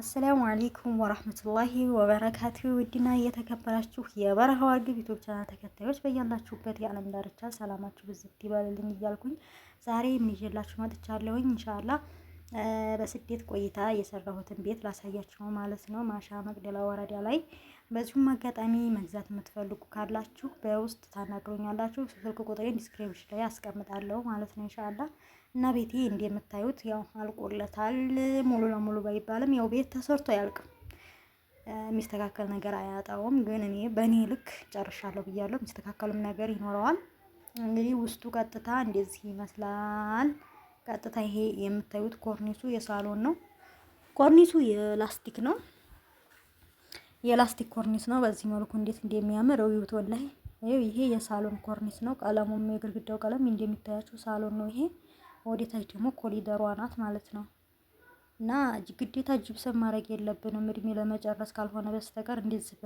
አሰላሙ አሌይኩም ወራህመቱላሂ ወበረካቱ። ውድና እየተከበራችሁ የበረሃው እርግብ ዩቱብ ተከታዮች በያላችሁበት የዓለም ዳርቻ ሰላማችሁ ብዝት ይበልልኝ እያልኩኝ ዛሬ ምን ይዤላችሁ መጥቻለሁኝ ኢንሻአላህ በስደት ቆይታ የሰራሁትን ቤት ላሳያችሁ ማለት ነው። ማሻ መቅደላ ወረዳ ላይ በዚሁም አጋጣሚ መግዛት የምትፈልጉ ካላችሁ በውስጥ ታናግሮኛላችሁ። ስልክ ቁጥሬን ዲስክሪፕሽን ላይ አስቀምጣለሁ ማለት ነው እንሻላ እና ቤቴ እንደምታዩት ያው አልቆለታል። ሙሉ ለሙሉ ባይባልም ያው ቤት ተሰርቶ አያልቅም። የሚስተካከል ነገር አያጣውም። ግን እኔ በእኔ ልክ ጨርሻለሁ ብያለሁ። የሚስተካከልም ነገር ይኖረዋል። እንግዲህ ውስጡ ቀጥታ እንደዚህ ይመስላል። ቀጥታ ይሄ የምታዩት ኮርኒሱ የሳሎን ነው። ኮርኒሱ የላስቲክ ነው። የላስቲክ ኮርኒስ ነው። በዚህ መልኩ እንዴት እንደሚያምር እዩት። ወላሂ ይሄ የሳሎን ኮርኒስ ነው። ቀለሙም የግድግዳው ቀለም እንደሚታያቸው ሳሎን ነው። ይሄ ወደታች ደግሞ ኮሊደሯ ናት ማለት ነው። እና ግዴታ ጅብሰን ማድረግ የለብንም እድሜ ለመጨረስ ካልሆነ በስተቀር እንደዚህ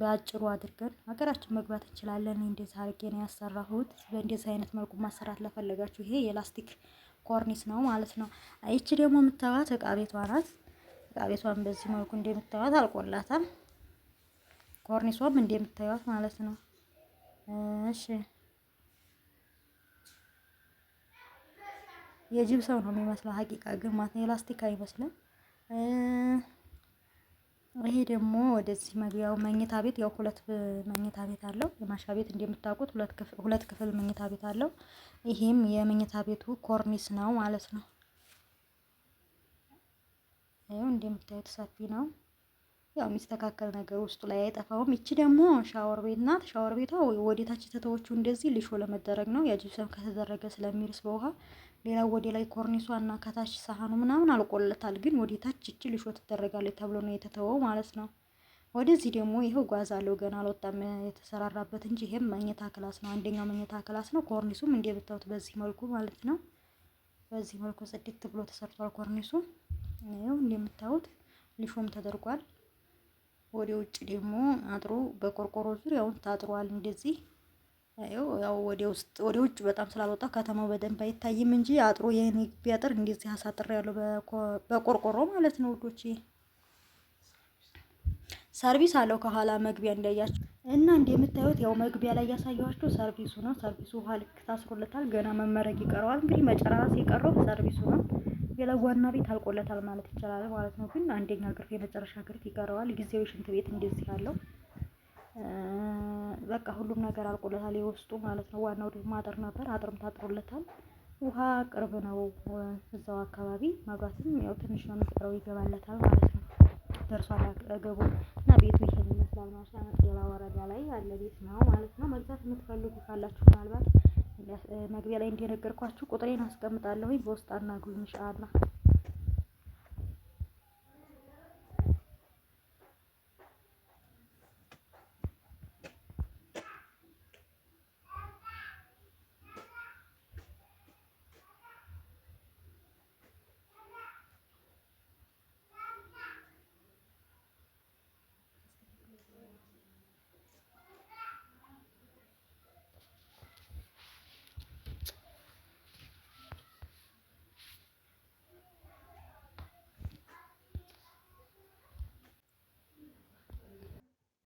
በአጭሩ አድርገን ሀገራችን መግባት እንችላለን። እንደዚህ አድርጌ ነው ያሰራሁት። በእንደዚህ አይነት መልኩ ማሰራት ለፈለጋችሁ ይሄ የላስቲክ ኮርኒስ ነው ማለት ነው። ይቺ ደግሞ የምታዩት እቃ ቤቷ ናት። እቃ ቤቷን በዚህ መልኩ እንደምታዩት አልቆላታል። ኮርኒሷም እንደምታዩት ማለት ነው። እሺ ሰው ነው የሚመስለው ሀቂቃ ግን ማለት የላስቲክ አይመስልም። ይሄ ደግሞ ወደዚህ መግቢያው መኝታ ቤት ያው ሁለት መኝታ ቤት አለው። የማሻ ቤት እንደምታውቁት ሁለት ክፍል መኝታ ቤት አለው። ይሄም የመኝታ ቤቱ ኮርኒስ ነው ማለት ነው። ይኸው እንደምታዩት ሰፊ ነው። ያው የሚስተካከል ነገር ውስጡ ላይ አይጠፋውም። ይቺ ደግሞ ሻወር ቤት ናት። ሻወር ቤቷ ወደታች ተተዎቹ እንደዚህ ልሾ ለመደረግ ነው። የጅብሰም ከተደረገ ስለሚርስ በውሃ ሌላ ወደ ላይ ኮርኒሷ እና ከታች ሳህኑ ምናምን አልቆለታል፣ ግን ወደታች እቺ ልሾ ትደረጋለች ተብሎ ነው የተተወው ማለት ነው። ወደዚህ ደግሞ ይሄው ጓዝ አለው ገና አልወጣም የተሰራራበት እንጂ ይሄም መኝታ ክላስ ነው። አንደኛው መኝታ ክላስ ነው። ኮርኒሱም እንደምታዩት በዚህ መልኩ ማለት ነው። በዚህ መልኩ ጽድት ብሎ ተሰርቷል ኮርኒሱ። ይኸው እንደምታዩት ልሾም ተደርጓል። ወደ ውጭ ደግሞ አጥሩ በቆርቆሮ ዙሪያውን ታጥሯል። እንደዚህ ያው ወደ ውስጥ ወደ ውጭ በጣም ስላልወጣ ከተማው በደንብ አይታይም እንጂ አጥሩ የኔ ግቢ አጥር እንደዚህ አሳጥር ያለው በቆርቆሮ ማለት ነው ውዶቼ። ሰርቪስ አለው ከኋላ መግቢያ እንዳያችሁ እና እንደምታዩት ያው መግቢያ ላይ ያሳየኋቸው ሰርቪሱ ነው። ሰርቪሱ ውሃ ልክ ታስሮለታል። ገና መመረግ ይቀረዋል። እንግዲህ መጨረስ የቀረው ሰርቪሱ ነው። ሌላ ዋና ቤት አልቆለታል ማለት ይቻላል ማለት ነው። ግን አንደኛ ግርፍ የመጨረሻ ግርፍ ይቀረዋል። ጊዜያዊ ሽንት ቤት እንደዚህ ያለው በቃ ሁሉም ነገር አልቆለታል የውስጡ ማለት ነው። ዋናው ደግሞ አጥር ነበር፣ አጥርም ታጥሮለታል። ውሃ ቅርብ ነው እዛው አካባቢ። መብራትም ያው ትንሽ ነው የሚቀረው፣ ይገባለታል ማለት ነው። ደርሷል አጠገቡ እና ቤቱ ይሄን ይመስላል ማለት ነው። ሌላ ወረዳ ላይ ያለ ቤት ነው ማለት ነው። መግዛት የምትፈልጉ ካላችሁ ምናልባት መግቢያ ላይ እንደነገርኳችሁ ቁጥሬን አስቀምጣለሁኝ በውስጥ አናግሩኝ ኢንሻአላህ።